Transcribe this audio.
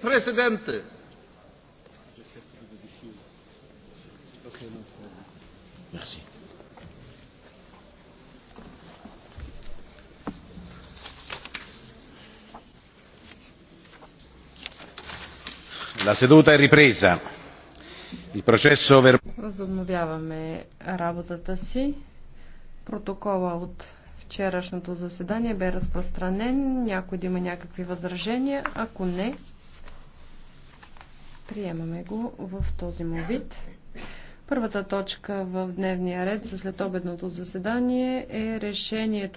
Presidente. Merci. La seduta è ripresa. Il processo ver... Възобновяваме работата си. Протокола от вчерашното заседание бе разпространен. Някой да има някакви възражения? Ако не, Приемаме го в този му вид. Първата точка в дневния ред за следобедното заседание е решението